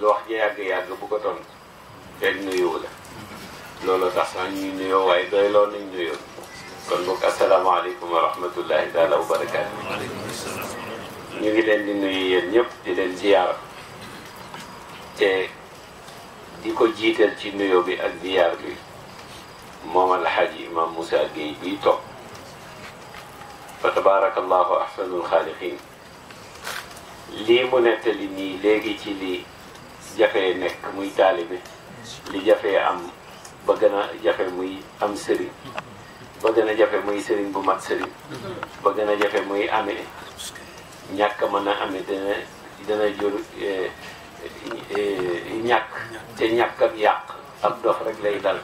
lu wax ja yàgg-yàgg bu ko tontu fekk nuyuwu la loolu tax sax ñuy nuyoo waaye doy loolu nañ nuyoo kon boog asalaamaaleykum wa rahmatullahi taala wa barakaatu ñu ngi leen di nuyu yéen ñëpp di leen ziyaar te di ko jiital ci nuyoo bi ak ziyaar bi moom alxaaji imam Moussa Gueye bii toog fa tabaarakallahu ahsanul xaaliqin lii mu nettali nii léegi ci lii jafee nekk muy taalibe li jafee am ba gën a jafe muy am sëriñ ba gën a jafe muy sëriñ bu mat sëriñ ba gën a jafe muy amee ñàkk mën a amee dana dana jur ñàkk te ñàkk ak yàq ak dof rek lay dal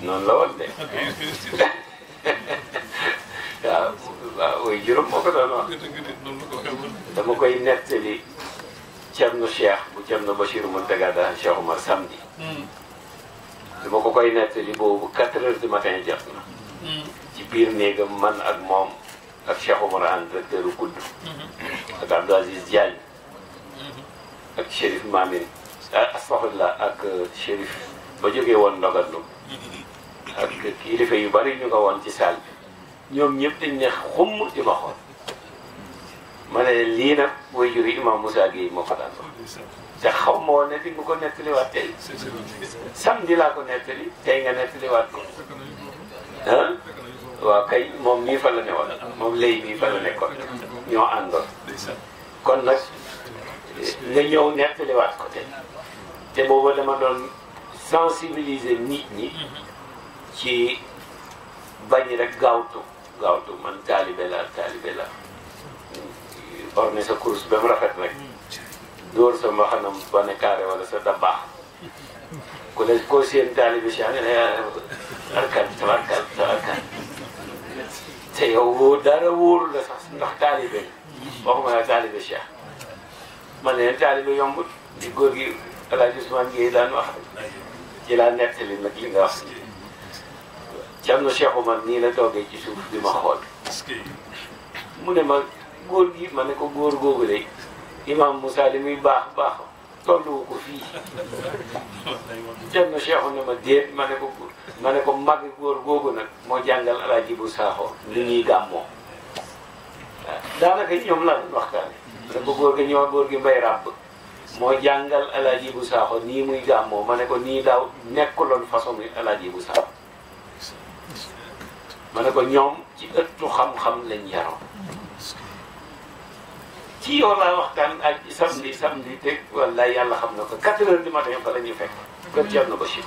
noonu la woon de waaw waaw way juróom moo ko doon wax dama koy nettali Cerno Cheikh bu Cerno Bachir Mountaga Daha Cheikh Omar samedi. su ko koy nettali boobu quatre heures du matin jot na. ci biir néegam man ak moom ak Cheikh Omar an directeur u kudd ak Abdou Aziz Diagne ak Chérif Mamine astaxfirullah ak Chérif ba jógee woon ndogalum ak kilifa yu bari ñu ko woon ci salle bi ñoom ñëpp dañ ne di ma xool ma lii nag way juri imam Moussa Gueye moo ko daan te xaw ma woon ne di nga ko nettaliwaat tey samedi laa ko nettali tey nga nettaliwaat ko ah waaw kay moom mii fa la ne woon moom lay mii fa la nekkoon ñoo àndoon kon nag nga ñëw nettaliwaat ko tey te booba dama doon sensibiliser nit ñi ci bañ rek gaawtu gaawtu man taalibe laa taalibe laa orné sa course ba mu rafet nag dóor sa mbaxanam ba ne wala sa dabaax ku ne koo seen taalibe si nga ne arkan tabarkan tabarkan te yow wóor dara wóorul la sax ndax taalibe waxuma la taalibe Cheikh man leen taalibe yombut di góor gi El Hadj Ousmane daan wax ci laa nettali nag li nga wax ci am na Cheikh Oumar nii la toogee ci suuf di ma xool mu ne ma góor gi ma ne ko góor googu de imam Moussa li baax baax tolluwu ko fii dem na Cheikhu ne ma déet ma ne ko ma ne ko mag góor googu nag moo jàngal alaaji bu saaxoo li ñuy gàmmoo waaw daanaka ñoom laa doon waxtaane ne ko góor gi ñëwaat góor gi mbay ràbb moo jàngal alaaji bu saaxoo nii muy gàmmoo ma ko nii nekku nekkuloon façon bi alaaji bu saaxoo ma ko ñoom ci ëttu xam-xam lañ yaroon ci yow waxtaan ak samedi samedi teg wallaay yàlla xam na ko 4 heures du matin fa la ñuy fekk. kër na Bachir.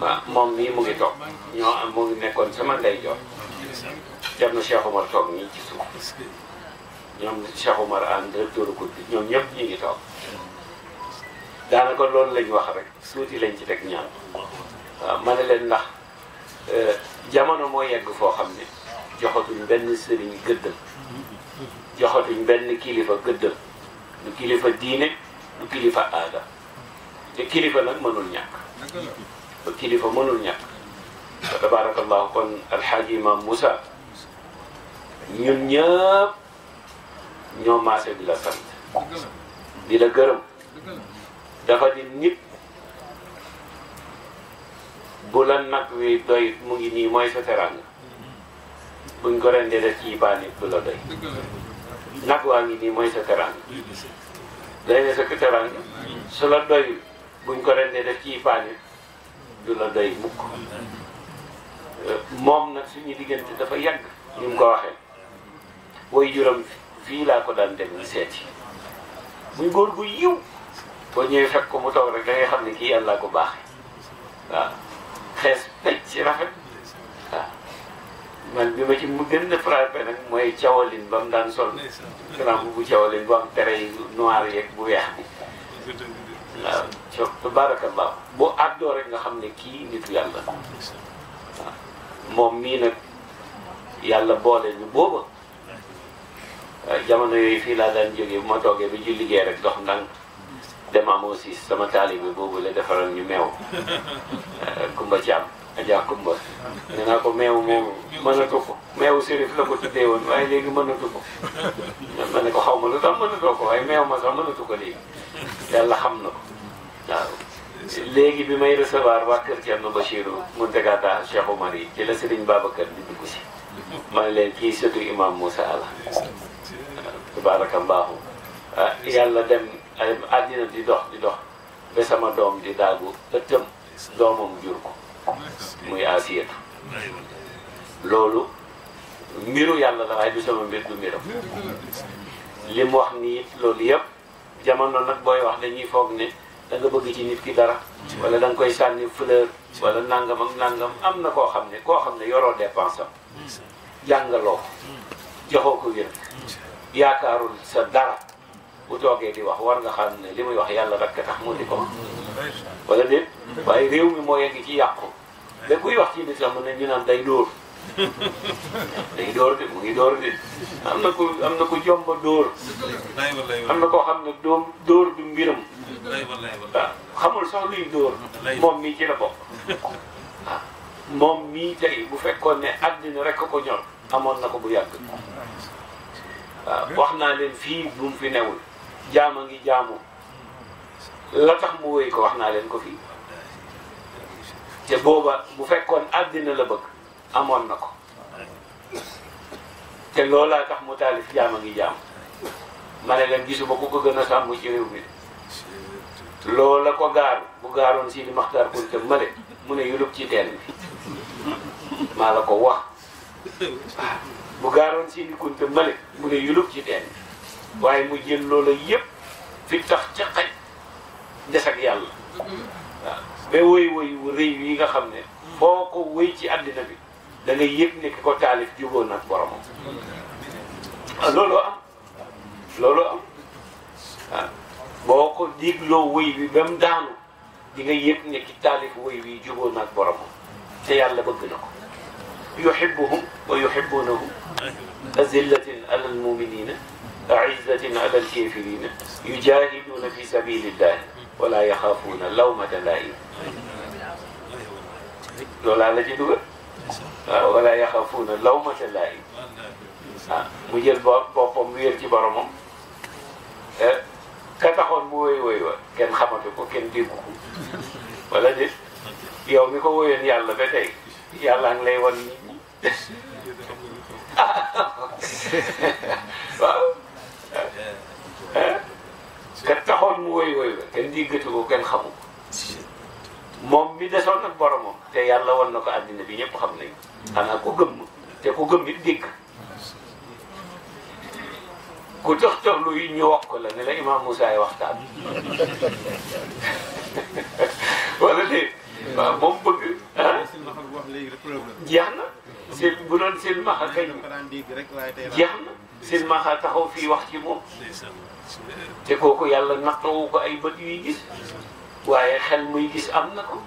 waaw ah, moom mii mu ngi toog ñoo am mu nekkoon sama ndeyjoor. Thierno Cheikh Omar toog nii ci suuf. ñoom Cheikh Omar ànd dóoru guddi ñoom ñëpp ñu ngi toog. daanaka loolu lañ wax rek suuti lañ ci teg ñaan waaw ah, ma leen ndax eh, jamono moo yegg foo xam ne joxatuñ benn sëriñ gëddal. joxatuñ benn kilifa gëddëm du kilifa diine du kilifa aada te kilifa nag mënul ñàkk kilifa mënul ñàkk tabarakallahu kon alxaaji imam Moussa ñun ñëpp ñoo maase di la sant di la gërëm dafa di nit bu la nag wi doy mu ngi nii mooy sa teraanga buñ ko rendee da ciy baanit du la doy nag waa ngi nii mooy sa teraanga day ne sa teraanga su la doy buñ ko rendee def ci paane du la doy mukk euh, moom nag suñu diggante dafa yàgg ni ko waxee way juróom fii laa ko daan dem seeti buñ góor guy yiw boo ñëwee fekk ko mu toog rek da xam ne kii yàlla ko baaxee waaw ci pecc rafet man bi ma ci mu gën a frappé nag mooy cawalin ba mu daan sol grand bu cawalin bu am tere yi noir yeeg bu weex bi waaw co boo àddoo rek nga xam ne kii nitu yàlla moom mii nag yàlla boole ñu booba jamono yooyu fii laa daan jóge bu ma toogee bi ci liggéey rek dox ndànk dem siis sama taalibe boobu la defaral ñu meew kumba ci am Adja Kumba nee naa ko meew mën na ko meewu sérif la ko tuddee woon waaye léegi mënatu ko ma ne ko xaw ma lu tax mënatoo ko waaye meew ma na mënatu ko léegi yàlla xam na ko waaw léegi bi may recevoir waa kër Thierno Bachirou Mountakha Cheikh Oumar yi ci la Serigne Babacar di dugg si ma ne leen kii sëtu imam Moussa Allah tabaraka mbaaxu ah yàlla dem àddina di dox di dox ba sama doom di daagu ëttam doomam jur ko muy aasiyatu loolu mbiru yàlla la waaye sama mbir du mbiram li mu wax nii loolu yëpp jamono nag booy wax dañuy foog ne da nga bëgg ci nit ki dara wala da koy sànni fleur wala nangam ak nangam am na koo xam ne koo xam ne yoroo dépense am jàngaloo joxoo ko wér yaakaarul sa dara bu toogee di wax war nga xam ne li muy wax yàlla rekk tax mu di ko wala déet waaye réew mi moo yegg ci yàqu mais kuy wax ci lislaam mën nañu naan day dóor day dóor de mu ngi dóor de am na ku am na ku jomba dóor am na koo xam ne dóor dóor du mbiram waaw xamul sax luy dóor moom mii ci la bokk waaw moom mii tey bu fekkoon ne àddina rek ko ñor amoon na ko bu yàgg wax naa leen fii bu fi newul jaam a ngi jaamu la tax mu wéy ko wax naa leen ko fii te booba bu fekkoon àddina la bëgg amoon na ko te loolaa tax mu taalif jaam a ngi jaam ma ne leen gisuma ku ko gën a sàmm ci réew mi loola ko gaaru bu gaaroon Sidi Maxtaar Kunta ma mu ne yulub ci teen bi maa la ko wax bu gaaroon Sidi Kunta ma mu ne yulub ci teen bi waaye mu jël loola yépp fi tax ca xaj des ak yàlla ba woy woy wu rëy yi nga xam ne foo ko woy ci àddina bi da ngay yëg ne ki ko taalif jubóo nag boromam ah, looloo am looloo am waaw ah, boo ko digloo woy wi ba mu daanu di nga yëg ne ki taalif woy wi jubóo nag boromam te yàlla bëgg na ko yuhibbuhum wa yuhibbunahum azillatin alal muminina aizatin alal kafirina yujahiduuna fi sabilillahi wala yaxaafuuna lawmata laa'im loolaa la ci dugal waaw wala yaxafuuna lawmata laa'im ah mu jël boppam wéer ci boromam eh, ka taxoon mu woy woy wa kenn xamatu ko kenn déggu wala déet yow mi ko woyoon yàlla ba tey yàlla ngi lay wan nit ñi waaw eh, ka taxoon mu woy woy wa kenn déggatu ko kenn xamu ko moom bi desoon ak boromam te yàlla won na ko àddina bi ñëpp xam nañu xanaa ku gëmm te ku gëmm it ku jox jox lu yi ñu wax ko la ne la Imam Moussa yi waxtaan wala déet moom bëgg ah jeex na seen bu doon seen maxa kañ jeex na seen maxa taxaw fii wax ci moom te kooku yàlla nattoowu ko ay bët yuy gis waaye xel muy gis am na ko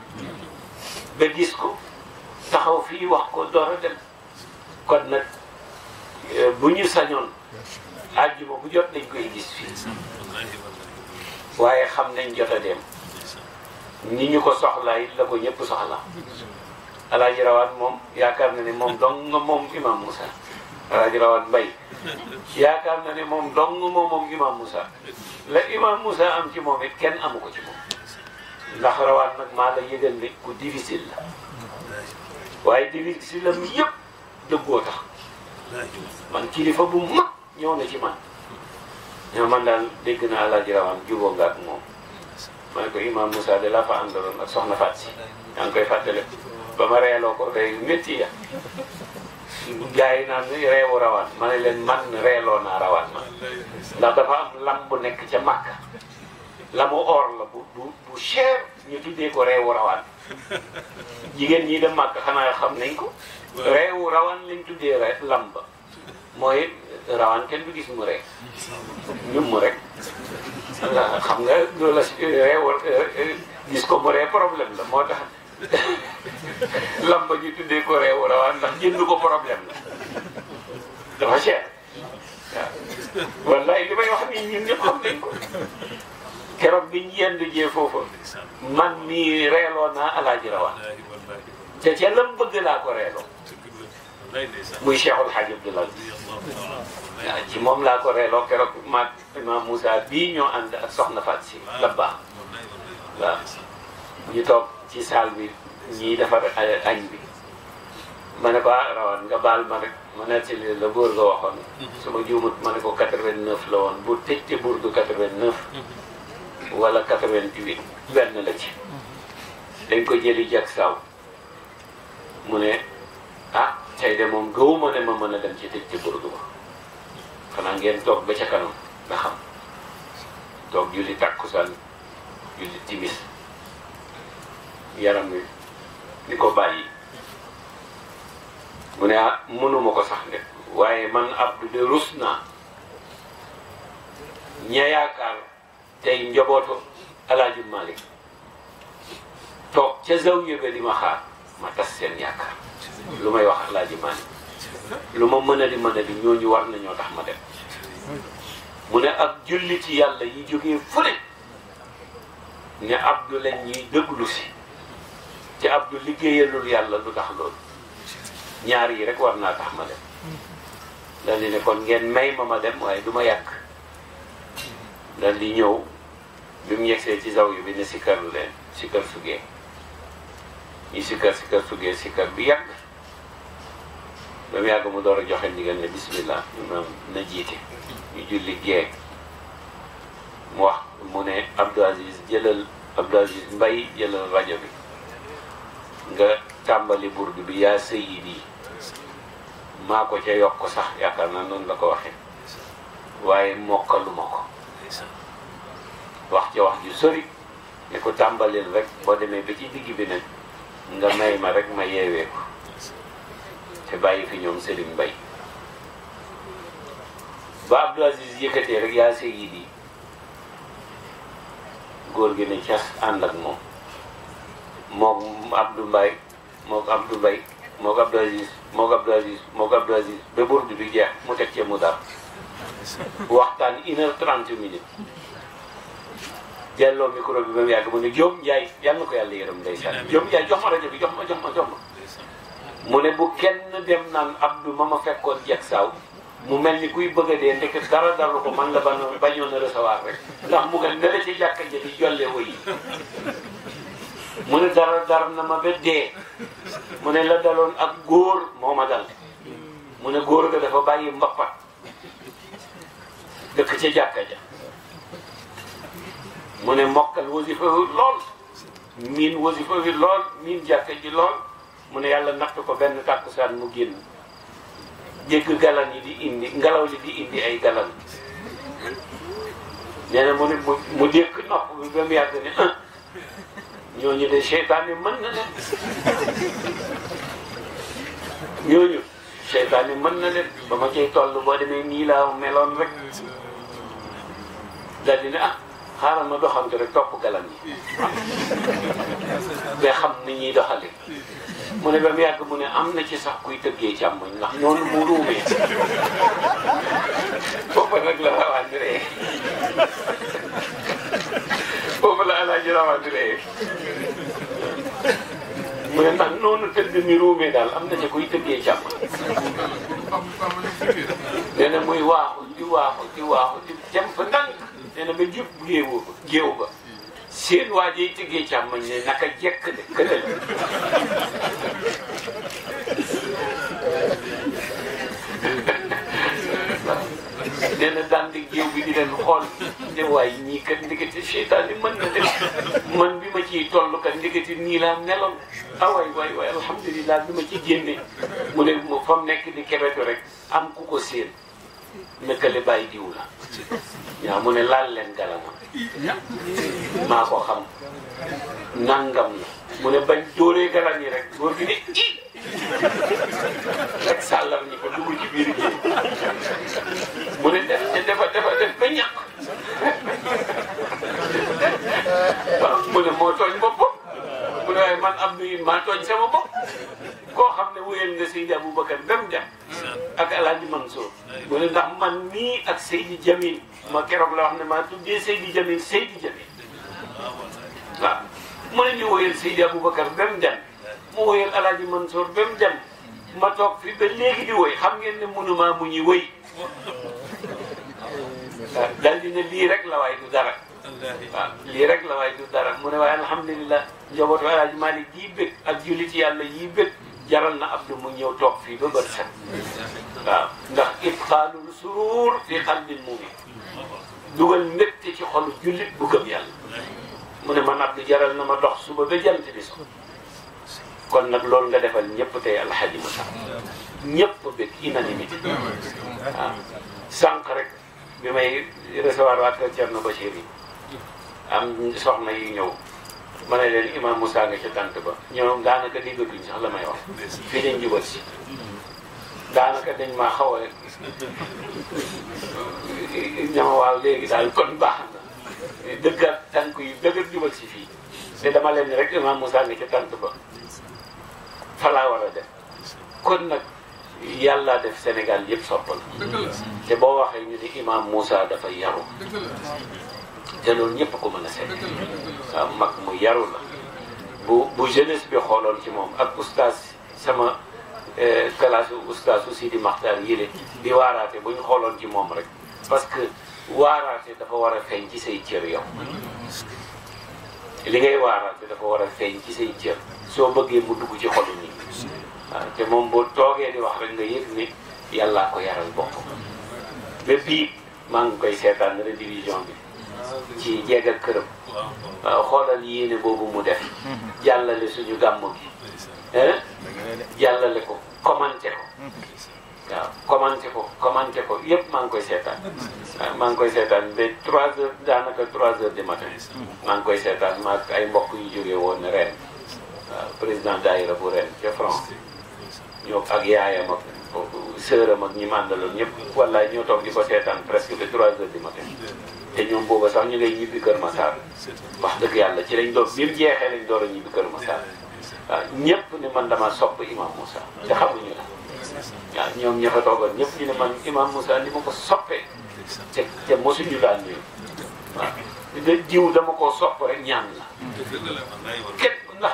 ba gis ko taxaw fii wax ko door a kon nag eh, bu ñu sañoon àjjuma bu jot nañ koy gis fii waaye xam nañ jot dem ni ñu ko soxlaa it la ko ñëpp soxla alaaji rawaan moom yaakaar na ne moom dong moom imam Moussa alaaji rawaan mbay yaakaar na ne moom dong moom moom musa Moussa la imam Moussa am ci moom it kenn amu ko ci moom ndax rawaan nag maa la yëgal ne ku difficile la waaye difficile la mi yëpp dëggoo tax man kilifa bu mag ñëw na ci man ñoo man daal dégg na alaaji rawaan juboo nga ak moom ma ne ko imam Moussa de la fa ak soxna Faat si yaa koy fàttale ba ma reeloo ko rey métti ya gars yi naan reewu rawaan ma ne leen man reeloo naa rawaan ma ndax dafa am lam bu nekk ca Màkka la mu or la bu bu bu cher ñu tuddee ko reewu rawaan jigéen ñi dem màkk xanaa xam nañ ko reewu rawaan lañ tuddee re lam mooy rawaan kenn du gis mu rek ñum mu rek la xam nga loolu la reewu gis ko mu ree problème la moo tax lam ñu tuddee ko reewu rawaan ndax jënd ko problème la dafa cher waaw li may wax nii ñun ñëpp xam nañ ko keroog bi ñu yendu jee foofa man mii reeloo naa alaaji rawaan te bëgg laa ko reeloo muy Cheikhul Hadj Abdoulaye waaw ci moom laa ko reeloo keroog maag imam Moussa bii ñoo ànd ak soxna Fatou si la baax waaw ci salle bi ñiy defar añ bi ma ne ko ah rawaan nga baal ma rek ma nettali la góor ga waxoon mhm. su ma juumut ma ne ko 89 la woon bu tëj te buur du 89 wala 88 benn la ci dañ ko jëli jag saaw mu ne ah tey de moom gëwuma ne ma mën a dem ci tëj ci burdu ba xanaa ngeen toog ba ca kanam nga xam toog julli tàkkusaan julli timis yaram wi ni ko bàyyi mu ne ah mënuma ko sax de waaye man abdu de rus naa ña yaakaar tey njabootu alaaju Malik toog ca zawiya ba di ma xaar ma tas seen yaakaar lu may wax alaaju lu ma mën a di mën a di ñooñu war nañoo tax ma dem mu ne ak julli ci yàlla yi jógee fële ne abdu leen ñuy déglu si te abdu liggéeyalul yàlla lu tax loolu ñaar yi rek war naa tax ma dem dal di ne kon ngeen may ma ma dem waaye du ma yàq dal ñëw bi mu yegsee ci zaw yu bi ne sikkar leen sikkar sugee ñu sikkar sikkar sugee sikkar bi yàgg ba mu yàgg mu door a joxe ndigal ne bismillah imaam na jiite ñu julli gee mu wax mu ne Abdou Aziz jëlal Abdou Aziz Mbaye jëlal rajo bi nga tàmbali burdu bi yaa sayyidi maa ko ca yokk sax yaakaar naa noonu la ko waxee waaye mokkaluma ko wax ca wax ju sori ne ko tàmbalil rek boo demee ba ci digg bi nag nga may ma rek ma yeewee ko te bàyyi fi ñoom Serigne mbay ba Abdou Aziz yëkkatee rek yaa sey góor gi ne cas ànd ak moom mook Abdou mbay mook Abdou Mbaye mook Abdou Aziz mook Abdou Aziz mook Abdou Aziz ba burdu bi jeex mu teg ca mu daal waxtaan une heure trente minutes jàlloo micro bi ba mu yàgg mu ne Diop Ndiaye yàlla na ko yàlla yërëm ndeysaan Diop Ndiaye jox ma rajo bi jox ma jox ma jox ma mu ne bu kenn dem naan Abdou ma ma fekkoon jeg saaw mu mel ni kuy bëgg a dee ndekk dara dalu ko man la ba bañoon a recevoir rek ndax mu nga ne la ci jàkka ja di jolle woyi mu ne dara dara na ma ba dee mu ne la daloon ak góor moo ma dal mu ne góor ga dafa bàyyi mbappat dëkk ca jàkka ja mu ne mokkal wasifa bi lool miin wasifa bi lool miin jàkka ji lool mu ne yàlla natt ko benn tàkkusaan mu génn jégg galan yi di indi ngelaw li di indi ay galan nee na mu ne mu mu dékk nopp bi ba mu yàgg ne ah, ñooñu de seytaane mën na leen ñooñu seytaane mën na leen ba ma cay toll boo demee nii laa meloon rek daal di ah xaaral ma doxantu rek topp galam yi nga xam ni ñuy doxale mu ne ba mu yàgg mu ne am na ci sax kuy tëggee càmmoñ ndax noonu mu ruumee boobu nag la rawandi ree boobu la alaaji rawandi ree mu ne ndax noonu tëgg mi ruumee daal am na ci kuy tëggee càmmoñ nee na muy waaxu di waaxu di waaxu di dem nee na ba jub géewu ba géew ba seen waa jiy tëggee càmmoñ ne naka jekk de kële la daan di géew bi di leen xool ne waaye ñii kat ndekete seytaan yi mën na def man bi ma ciy toll kat ndekete nii laa meloon ah waay waay waay alhamdulilah bi ma ci génne mu ne fa mu nekk di kebetu rek am ku ko seen nekkal li bàyyi diw la ñaa mu ne laal leen galama maa ko xam nangam la mu ne bañ dóoree galan yi rek góor gi ne rek sàllam ñi ko dugg ci biir géej mu ne def dafa dafa def ba mu ne moo tooñ mu ne waaye man Abdou yi maa tooñ sama bopp koo xam ne wuyal nga Seydi Aboubacar ba mu dem ak El Hadj mu ne ndax man nii ak Seydi Jamil ma keroog la wax ne ma tuddee Seydi Jamil Seydi Jamil waaw mu ne ñu wuyal Seydi Aboubacar ba mu dem mu wuyal El Hadj ba mu dem ma toog fi ba léegi di woy xam ngeen ne mënuma mu ñuy woy daal di ne lii rek la waaye du dara waaw lii rek la waaye du dara mu ne waaye alhamdulilah njabootu Alaaji Maalik yi ak jullit yàlla yi bëgg jaral na Abdou mu ñëw toog fii ba bët set waaw ndax ibqaalul suruur fi qalbil mu'min dugal mbégte ci xolu jullit bu gëm yàlla mu ne man Abdou jaral na ma dox suba ba jant bi so kon nag loolu nga defal ñëpp tey alxaji Moussa ñëpp bëgg rek bi may recevoir waa Thierno Bachir yi am soxna yu ñëw ma ne leen imam Moussa nga ca tant ba ñoom daanaka déggatuñ sax la may wax fii dañ jubal si daanaka dañ maa xaw a rek ñama waaw léegi daal kon baax na dëggat tànk yu dëgër jubal si fii te dama leen rek imam Moussa nga ca tant ba falaa war a def kon nag yàlla def Sénégal yëpp soppal te boo waxee ñu ne imam Moussa dafa yaru te loolu ñëpp ko mën a seet waaw mag mu yaru la bu bu jeunesse bi xooloon ci moom ak oustaz sama eh, classe oustaz aussi di maxtaar yile di waaraate bu ñu xooloon ci moom rek parce que waaraate dafa war a feeñ ci say cër yow li ngay waaraate dafa war a feeñ ci say cër soo bëggee mu dugg ci xolu nit waaw te moom boo toogee di wax rek nga yëg ni yàllaa ko yaral bopp ba bii maa ngi koy seetaan révision bi ci jeegal këram waaw xoolal yéene boobu mu def jàllale suñu gàmm gi jàllale ko commenté ko waaw commenté ko commenté ko yëpp maa ngi koy seetaan waaw maa ngi koy seetaan ba trois heures daanaka trois heures de matin maa ngi koy seetaan maa ay mbokk yu jógee woon ren waaw président daayira bu ren ca France ñoo ak yaayam ak sëram ak ñi màndaloon ñëpp wallaay ñoo toog di ko seetaan presque ba trois heures du matin te ñoom booba sax ñu ngay ñibbi Kër Massar wax dëgg yàlla ci lañ doon bi mu jeexee lañ door a ñibbi Kër Massar waaw ñëpp ni man dama sopp Imam Moussa te xamuñu la waaw ñoom ña fa toogoon ñu ne man Imam Moussa ni ma ko soppee te te mosuñu laa nuyu waaw jiw dama koo sopp rek ñaan la képp ndax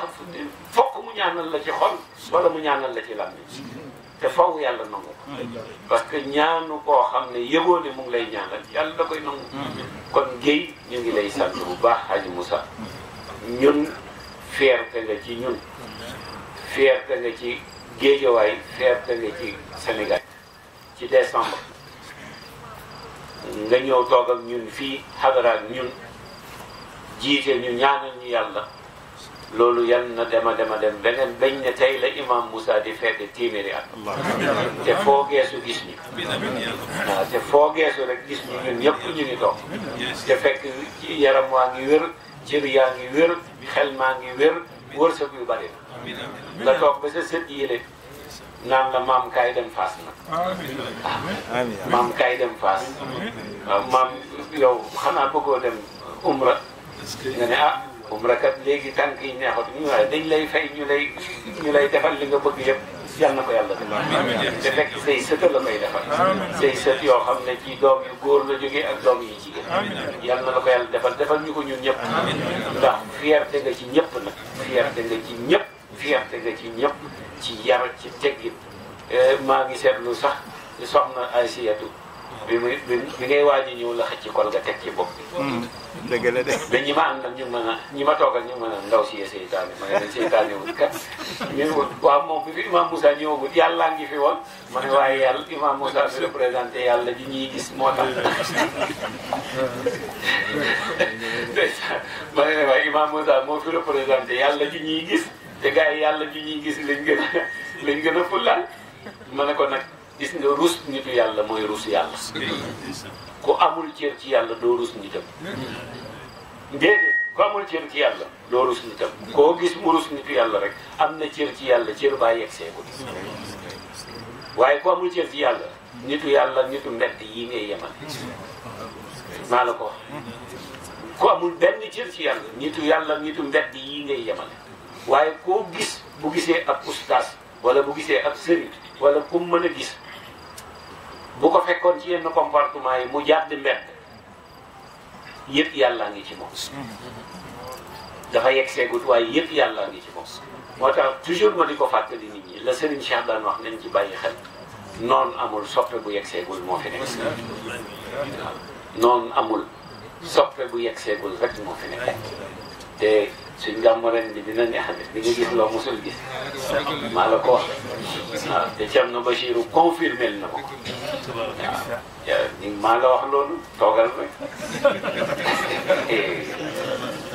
fokk mu ñaanal la ci xol wala mu ñaanal la ci làmmiñ te faw yàlla nangu ko parce que ñaanu koo xam ne yëgoo ne mu ngi lay ñaanal yàlla da koy nangu kon géy ñu ngi lay sant bu baax mu Moussa ñun fierté nga ci ñun fierté nga ci géejawaay fierté nga ci Sénégal ci décembre nga ñëw toog ñun fii xadara ñun jiite ñu ñaanal ñu yàlla loolu yal na dem a dem a beneen bañ ne tey la imam Moussa di fedd téeméeri at te foo geesu gis ñi waaw te foo geesu rek gis ñi ñun ñëpp ñu ngi toog te fekk yaram waa ngi wér cër yaa ngi wér xel maa ngi wér wërsëg yu bari na nga toog ba sa sët yile naan la maam kaay dem faas na maam kaay dem faas waaw maam yow xanaa bëggoo dem umra nga ne ah umra kat léegi tànk yi neexatuñu waaye dañ lay fay ñu lay ñu lay defal li nga bëgg yëpp yal na ko yàlla def. te fekk say sët la koy defal. say yoo xam ne ci doom góor la jógee ak doom yi jigéen. yal na la ko yàlla defal defal ñu ko ñun ñëpp. ndax fierté nga ci ñëpp nag. fierté nga ci ñëpp. fierté nga ci ñëpp ci yar ci teggin eh, maa ngi seetlu sax soxna Aysiyatu bi muy bi ngay waaj a ñëw la xëcc kol ga teg ci bopp bi. Hmm. dëgg la de. mais ñi ma àndal ñu mën a ñi ma toogal ñu mën a seytaane ma ne leen seytaane wut kat. ñu wut waaw moom bi fi Imam Moussa ñëwagul ngi fi woon. ma yàlla Imam Moussa yàlla ji ñuy gis moo tax. ma ne waaye Imam Moussa moo fi représenté yàlla ji ñuy gis te gars yi yàlla ji ñuy gis lañ gën a lañ gën a fullaal ma ne ko nag. gis nga ruus nitu yàlla mooy ruus yàlla ku amul cër ci yàlla doo ruus nitam déedéet ku amul cër ci yàlla doo ruus nitam koo gis mu ruus nitu yàlla rek am na cër ci yàlla cër baa yegsee ko waaye ku amul cër ci yàlla nitu yàlla nitu mbedd yi ngay yemal maa la ko ku amul benn cër ci yàlla nitu yàlla nitu mbedd yi ngay yemal waaye koo gis bu gisee ab ustaas wala bu gisee ak sëriñ wala ku mën a gis bu ko fekkoon ci yenn comportement yi mu jàdd mbedd yëpp yàllaa ngi ci moom dafa yegg seegut waaye yëpp yàlla ngi ci moom moo tax toujours ma di ko fàttali nit ñi la Serigne Cheikh daan wax nañ ci bàyyi xel noonu amul soppe bu yegg seegul moo fi nekk waaw amul soppe bu yegg seegul rek moo fi nekk te suñ gàmmu ren bi dina neex de di nga gis loo mosul maa la ko wax waaw te Thierno Bachirou confirmé na ma ko waaw maa la wax loolu toogal ma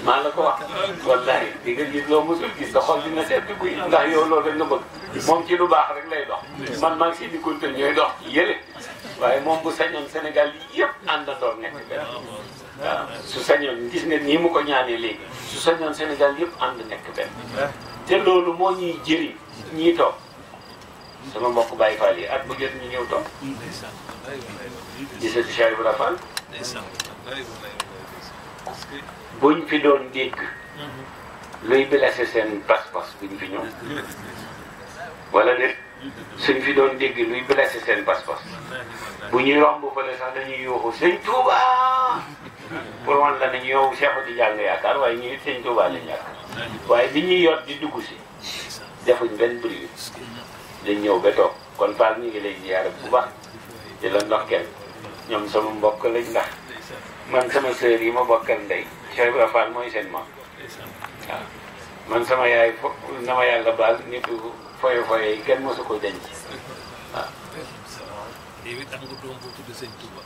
maa la ko wax wallahi di nga gis loo mosul gis da xool dina seet di buy ndax yow loolu rek nga moom ci lu baax rek lay dox man maa ngi di kontaan ñooy dox ci yële waaye moom bu sañoon Sénégal yëpp àndandoor nekk benn su sañoon gis nga nii mu ko ñaanee léegi su sañoon Sénégal yëpp ànd nekk benn te loolu moo ñuy jëriñ ñii toog sama mbokk Baye Fall yi at bu jot ñu ñëw toog di seeti Cheikh Ibra Fall buñ fi doon dégg luy blessé seen pas-pas buñ fi ñëw wala déet suñ fi doon dégg luy blessé seen pas-pas bu ñuy romb fële sax dañuy yuuxu sëñ Touba pour wan la nañ yow Cheikh di jàng yaakaar waaye sëñ Touba lañ yaakaar waaye bi ñuy yot di dugg si defuñ benn bruit dañ ñëw ba toog kon Fall mi ngi lay ziyaare bu baax di la ndokkeel ñoom sama mbokk lañ ndax man sama sœur yi ma bokkal ndey Cheikh Ibrahima Fall mooy seen maam man sama yaay fo na ma yàlla baal nit ku foye foye yi kenn mosu ko denc waaw. léegi tax nga doom bu tudd sëñ Touba.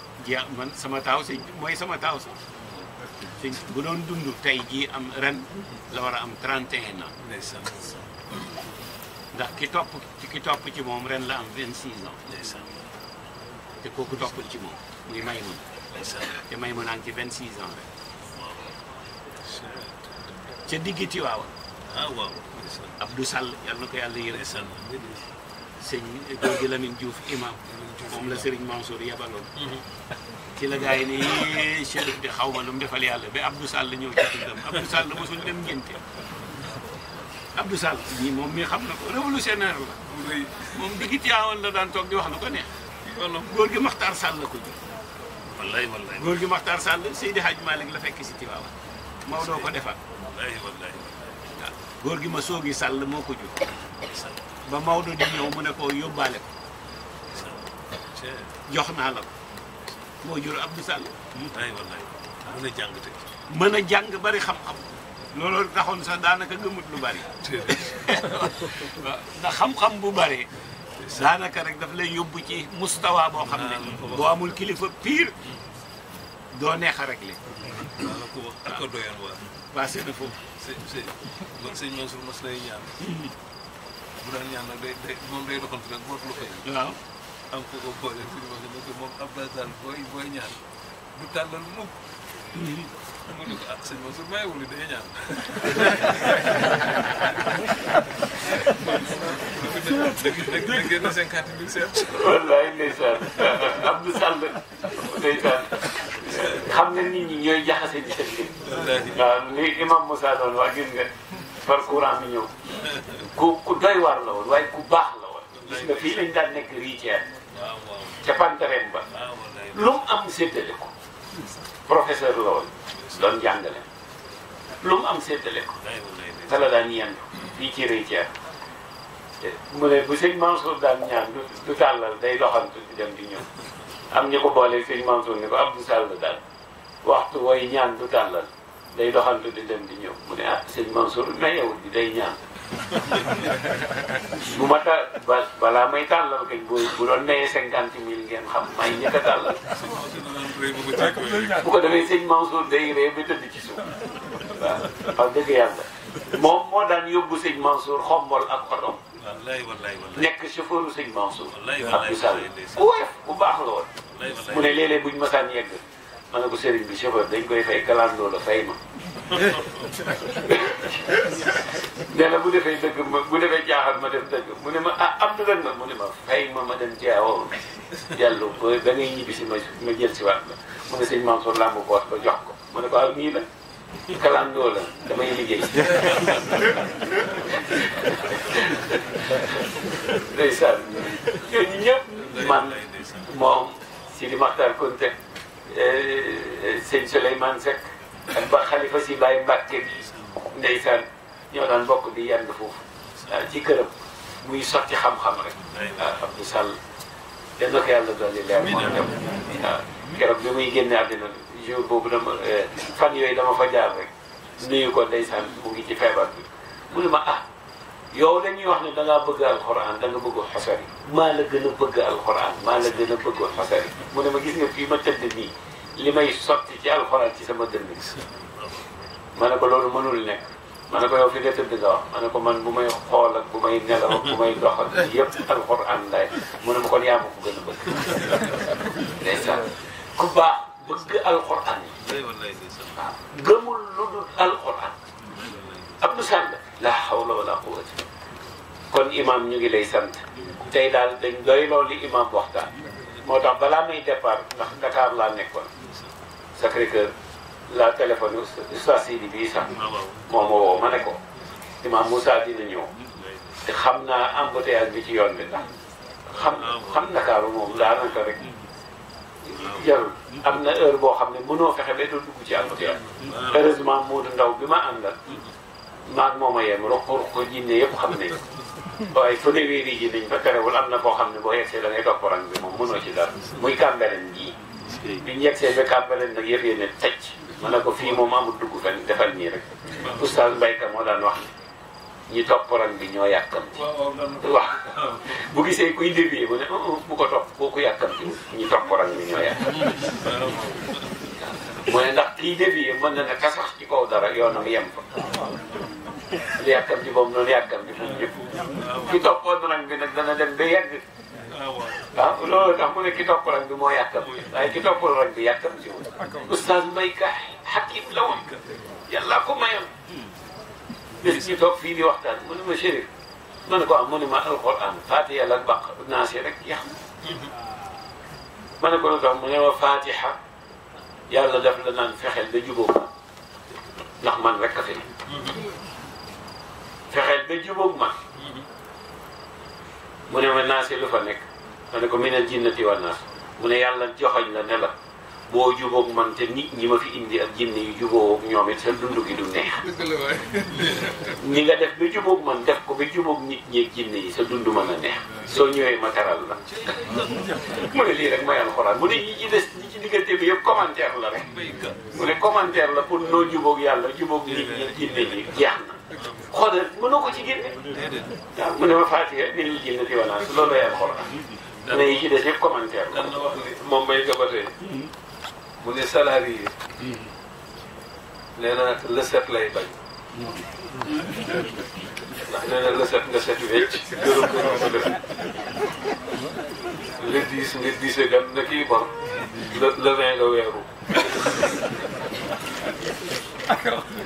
man sama taaw sëñ mooy sama taaw si bu doon dund tey jii am ren la war a am 31 ans. ndax ki topp ki topp ci moom ren la am 26 ans. te kooku toppul ci moom muy Maymoun. te Maymoun a ngi ci 26 ans rek. ca digg Tiwaawan. ah waaw Sall yàlla na ko yàlla yërëm sëñ Gorgui Lamine Diouf imam moom la Serigne Mansour yabaloon ci la gaa yi nii chérif bi xaw ma lu mu defal yàlla ba Abdou Sall ñëw ci dundam Abdou Sall mosul dem ngénte Abdou Sall moom mii xam na ko révolutionnaire la moom digit yaawoon la daan toog di wax lu ko neex wala góor gi Maxtaar Sall ko ji wallaay wallaay góor gi Maxtaar Sall Seydi Hadj Malick la fekk si Tiwaawan soo ko defal góor gi ma soogi sàll moo ko jur ba Maodo di ñëw mu ne ko yóbbaale ko jox naa la ko moo jur ab Sall wallaay wallaay mën a jàng te mën a jàng bari xam-xam looloo taxoon sax daanaka gëmut lu bari ndax xam-xam bu bari daanaka rek daf lay yóbbu ci mustawa boo xam ne ah, boo amul kilifa pire doo neex a réglé passé na foofu sëñ sëñ Mansour mos lay ñaan. bu daan ñaan nag day day moom day doxantu lu fay. waaw am ko ko boole sëñ Mansour ne ko moom Abdoulaye Sall booy booy ñaan du tàllal mukk. mu ne ko ah sëñ Mansour may wuli day ñaan. dëgg dëgg dëgg génn cinquante mille seet. wallaay ndeysaan Abdou Sall xam ne ni ñi ñooy jaxase di seen li imam Moussa doon wax gis nga par courant bi ku ku doy waar la woon waaye ku baax la woon nga fi lañ daan nekk riitière ca pantareen ba lu mu am séddale ko professeur la woon doon jàngale lu am séddale ko te la daan yendu fii ci riitière mu ne bu sëñ Mansour daan du tàllal day doxantu di dem di ñëw am ñu ko boolee seen Mansour ni ko saal Sall daal waxtu way ñaan du tàllal day doxantu di dem di ñëw mu ne ah sëñ Mansour na yow di day ñaan bu ma ta balaa may tàllal kañ bu bu doon nayee xam may ñi ko tàllal bu ko defee sëñ day ree ba tëdd ci suuf waaw wax dëgg yàlla moom moo daan yóbbu sëñ Mansour xombol ak xotom nekk chauffeuru sëñ Mansour. ak misaal bu woyof bu baax la mu ne léeg-léeg buñ masaan yegg ma ne ko sëriñ bi chauffeur dañ koy fay kalandoo la fay ma. nee na bu defee dëgg ma bu defee jaaxal ma def dëgg mu ne ma ah am na ma mu ne ma fay ma ma dem jaawoo jàllu ko da ngay ñibbi si ma ma jël si waat la jox ko mu ne ko ah ndeysaan ñooñu ñëpp man moom Sidi Makhtar Konte eh, sëñ Souleymane Seck ak ba xalifa si Baye Mbacke bi ndeysaan ñoo daan bokk di yànd foofu ah, ci këram muy sotti xam-xam rek ah, Abdou Sall yal na ko yàlla dolli leer moom dem ah, muy génne àddina eh, fan yooyu dama fa jaar rek nuyu ko ndeysaan mu ngi feebar bi mu ma ah yow dañuy wax ne da ngaa bëgg alxuraan da nga bëgg xasari maa la gën a bëgg alxuraan maa la gën a bëgg xasari mu ne ma gis nga fii ma tëdd nii li may sotti ci alxuraan ci sama dënn ma ne ko loolu mënul nekk ma ne ko yow fi nga tëdd nga wax ma ne ko man bu may xool ak bu may nelaw ak bu may dox ak yëpp alxuraan lay mu ne ma kon yaa ma ko gën a bëgg ndeysaan ku baax bëgg alxuraan yi waaw gëmul lu dul alxuraan ab dosaan la la hawla wala quwwata kon imam ñu ngi lay sant tey daal dañ doy loolu li imam waxtaan moo tax balaa may départ ndax Dakar laa nekkoon Sacré-Cœur la téléphone Oustaz bi bii sax moom ah, moo ma ne ko imam Moussa dina ñëw xam naa embouteillage bi ci yoon bi ndax xam ah, xam Ndakaaru moom daanaka rek ah, jarul am na heure boo xam ne mënoo fexe ba doo dugg ci embouteillage heureusement Modou Ndaw bi ma àndal mm-hmm. maag moom a yem roq roq jinne yëpp xam nañ waaye fanweeri ji nañ fa terewul am na koo xam ne boo yegsee da topp rang bi moom mënoo ci dara muy kàmbaleen ji biñu yegsee ba kàmbaleen nag yëf yéene tëj ma ne ko fii moom amul dugg fenn defal nii rek oustaz Mbayka moo daan wax ñi topp rang bi ñoo yàkkamti waaw bu gisee kuy dévié mu ne oh, oh, bu ko topp kooku yàkkamti ñi topp rang bi ñoo yàkkamti mu ne ndax kii dévié mën na ne kasax ci kaw dara yoonam yem li yàkkam ci boobu noonu yàkkam ci moom yëpp ki toppoon rang bi nag dana dem ba yàgg ah, waaw ah, loolu tax mu ne ki topp rang bi moo yàkkam waaye ki toppul rang bi yàkkam ci moom oustaz may ka xakim la woon yàlla ko mayam hmm. bés ñu toog fii di waxtaan mu ne ma chérif ma ne ko am ah, mu ne ma alquran fatiha la baq naasi rek yax hmm. ma ne ko lu tax mu ne ma fatiha yàlla daf la naan fexeel da jubóo ma ndax man rek a fi fexeel ba jubóog ma mu ma naasi lu fa nekk ma ne ko mi ne jinnati wa naas mu yàlla joxoñ la ne la boo jubóog man te nit ñi ma fi indi ak jinne yu ñoom it sa dund gi du neex nga def ba jubóog man def ko ba jubóog nit ñi ak sa dund mën soo ñëwee ma la mu ne lii rek mooy alxuraan mu ne ñi ci des ñi ci diggante bi yëpp commentaire la rek oh mu ne commentaire la pour noo jubóog yàlla jubóog nit ñi jinne yi jeex na xoolal mënoo ko ci génne. déedéet waaw mu ne ma Fatiha dinañ génne di wala loolu lay am xoolal. dana yi ci des yëpp commentaire la. wax ni moom may gabatee. mu ne salarié yi. nee naa le set lay bañ. ndax nee na le set nga set wecc gërëm nga ñu ko def le dix nga dix gam na kii bon le le vingt nga weeru.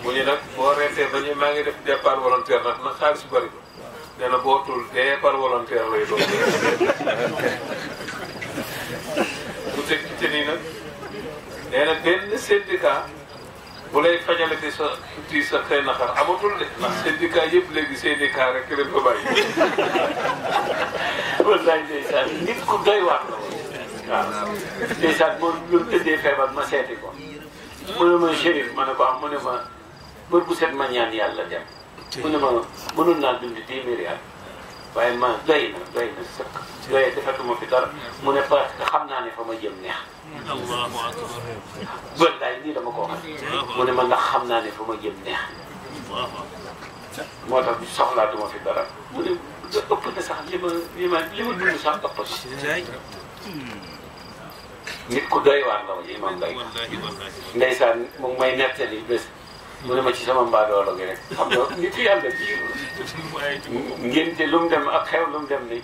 mu ñu nag boo reetee ba ñu maa ngi def départ volontaire nag na xaalis bëri nee na boo tul départ volontaire lay doon. bu teg ci nii nag nee benn syndicat bu lay fajale di sa di sa xëy na xar de ndax syndicat yëpp léegi syndicat rek leen ko bàyyi. wallaay ndeysaan nit ku doy waar la waaw ndeysaan boo ñu tëddee feebar ma seeti ko. mu ne ma Chérif ma ne ko am ah, mu ne ma bër bu set ma dem. mu ne ma mënoon naa dund waaye ma doy na doy na sëkk. doy defatuma fi dara mu ne parce que xam naa ne fa ma jëm neex. wallaay nii dama ko waxee. mu xam naa ne fa ma jëm neex. moo tax soxlaatuma fi dara. mu ne ëpp na sax li ma li ma li ma dund sax ëpp nit ku doy waar la ma ci imam Mbaye. ndeysaan mu ngi may nettali bés. mu ne ma ci sama mbaadoolo gi rek xam nga nit ku yàlla biir ngénte lu mu dem ak xew lu dem ni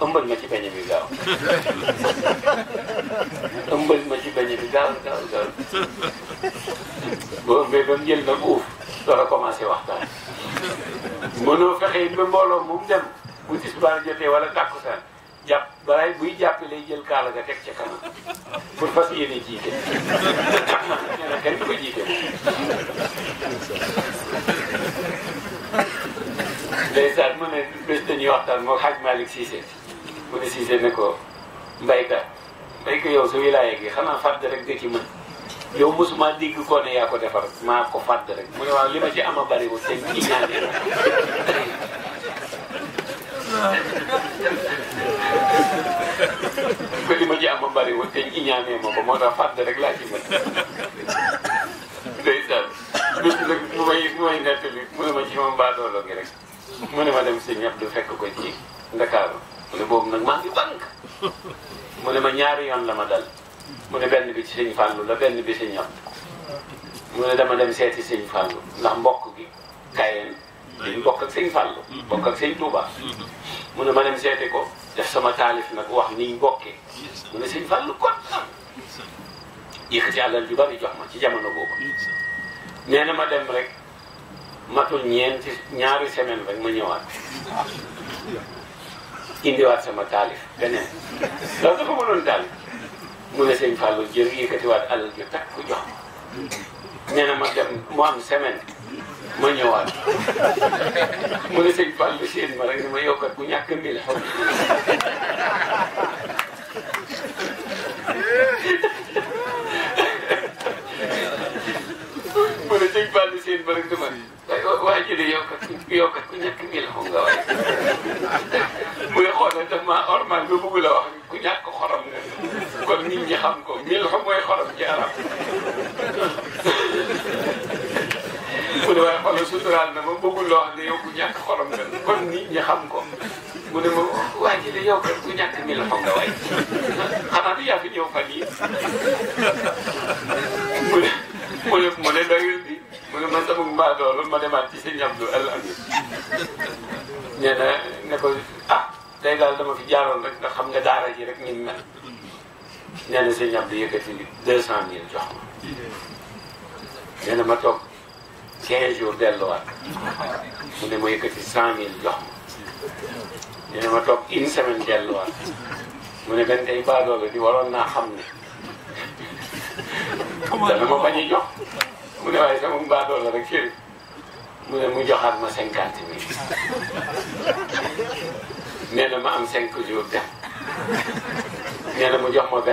ëmbal ma ci bañ bi gaaw ëmbal ma ci bañ bi gaaw gaaw gaaw boo ëmbee ba mu jël nag uuf door a commencé waxtaan mënoo fexe ba mbooloo mu dem bu tisbaar jotee wala tàkkusaan jàpp balaay buy jàpp lay jël kaala ga teg ci kanam pour fas yéene jiite nee na kenn du ko jiite ndeysaan dañuy waxtaan moo xaj Malick Cissé mu ne Cissé ne ko mbayka mbayka yow su wilaaya gi xanaa fàdd rek nga mën yow mosuma dégg koo ne yaa ko defar maa ko fàdd rek mu ne waaw li ma ci ama bariwul te kii ñaanee ko li ma ci am ma bariwul te ñu ñaanee ma ko moo tax fàtte rek laa ci mën day daal bis nag bu may bu may mu ne ma ci moom baadoolo gi rek mu ne ma dem si ñëpp du fekk ko ci Ndakaaru mu ne boobu nag maa ngi bank mu ne ma ñaari yoon la ma dal mu ne benn bi ci sëñ Fallou la benn bi si ñëpp mu ne dama dem seeti sëñ Fallou ndax mbokk gi kayen dañu bokk ak sëñ Fallou mm-hmm. bokk ak sëñ Touba mm-hmm. mu ne ma dem seete ko def sama taalif nag wax niñ bokkee mu ne sëñ Fallou kon am yëkkati àllal ju bari jox ma ci jamono boobu nee na ma dem rek matul ñeenti ñaari semaine rek ma ñëwaat waat sama taalif beneen loolu dafa mënoon taalif mu ne sëñ Fallou jël yëkkatiwaat àllal ju takk jox ma nee ma dem mu am ma ñëwaat mu ne sëñ Fall séen ma rek ma yokkat ku ñàkk mil xaw mu ne sëñ Fall séen ma rek dama waa ji de yokkat ku yokkat ku ñàkk mil xaw nga waaye muy ormal nga bëgg wax ku ñàkk xorom nga kon nit ñi ko mil xaw mooy xorom ci yàlla na ma bëggul loo xam ku ñàkk xolam nga kon nit ñi xam ko mu ne ma waa ji de yow kat ku ñàkk mi la xam nga waay xanaa du yaa fi ñëw fan mu ne mu ne mu ne doyul bi mu ne man sama mbaa doole ma demaat ci sa ñam du àll am na ne ko ah tey daal dama fi jaaroon rek nga xam nga daara ji rek ñu mel nee na sa ñam du yëkkati 200000 jox ma nee na ma toog. 15 jours delluwaat mu ne ma yëkkati 100000 jox ma ñu ne ma toog une semaine delluwaat mu ne benn day baadoola di waroon naa xam ne dana ma bañ a jox mu ne waaye sama baadoola rek kii mu ne mu joxaat ma 50000 nee na ma am 5 jours dem nee na mu jox ma 25000.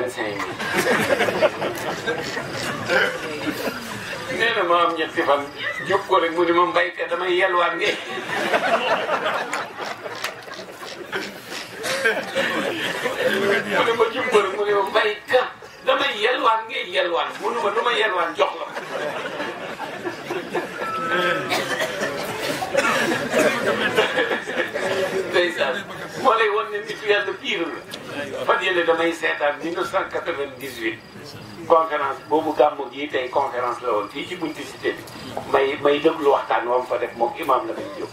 nee na ma am ñetti fan ko rek mu ni ma mbay te damay yelwaan nge mu ne ma jub ko mu ne ma mbay ka damay yelwaan ngay yelwaan mu ne ma du ma yelwaan jox la ndeysaan moo lay wan ne nit yàlla pire la fan yële damay seetaan 1998 conférence boobu gàmmu gii tey conférence la woon fii ci buntu cité bi may may déglu waxtaan wam fa def moom imam la may jóg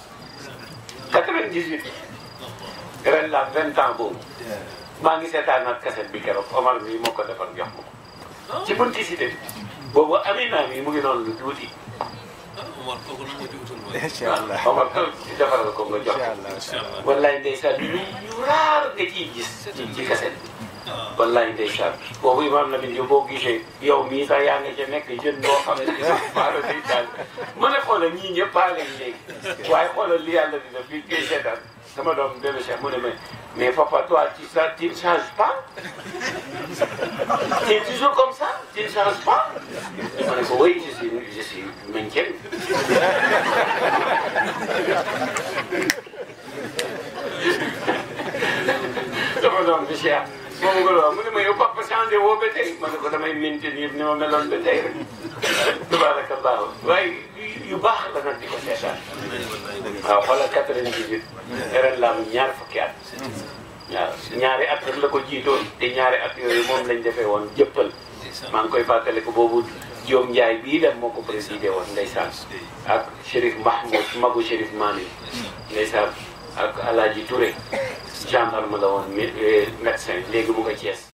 98 ren la 20 ans boobu maa ngi seetaan ak kaset bi keroog Omar mii moo ko defar jox ma ko ci buntu cité bi boobu Amina mii mu ngi noonu lu tuuti Omar kooku nan nga jiwutoon mooy. incha allah ah, Omar kooku ko nga jox. incha allah incha allah. wallaay ndeysaan lu ñu raar nga ciy gis. ci ci kaset bi. wallaay ndeysaan boobu imaam Lamine yow boo gisee yow mii sax yaa ngi ca nekk jeune boo xamante ni maanaam ndeysaan mu ne xoolal ñii ñëpp baa leen léegi waaye li yàlla di def bi ngay sama doom benn chef mu ne mais mais papa toi tu ça tu ne changes pas tu es toujours comme ça tu ne moom nga lool mu ne ma yow papa changé woo ba tey ma ne ko damay maintenir ni ma yu baax la di ko seetaan waaw xoolal quatre vingt ñaar fukki at waaw ñaari at la ko jiitoon te ñaari at yooyu moom lañ defee woon jëppal maa ngi koy fàttaliku boobu Diom Ndiaye bii dem moo ko présidé woon ndeysaan ak Chérif Mahmoud magu Chérif Mami ndeysaan ak Alaaji Touré gendarme la woon eh, médecin léegi mu nga Thiès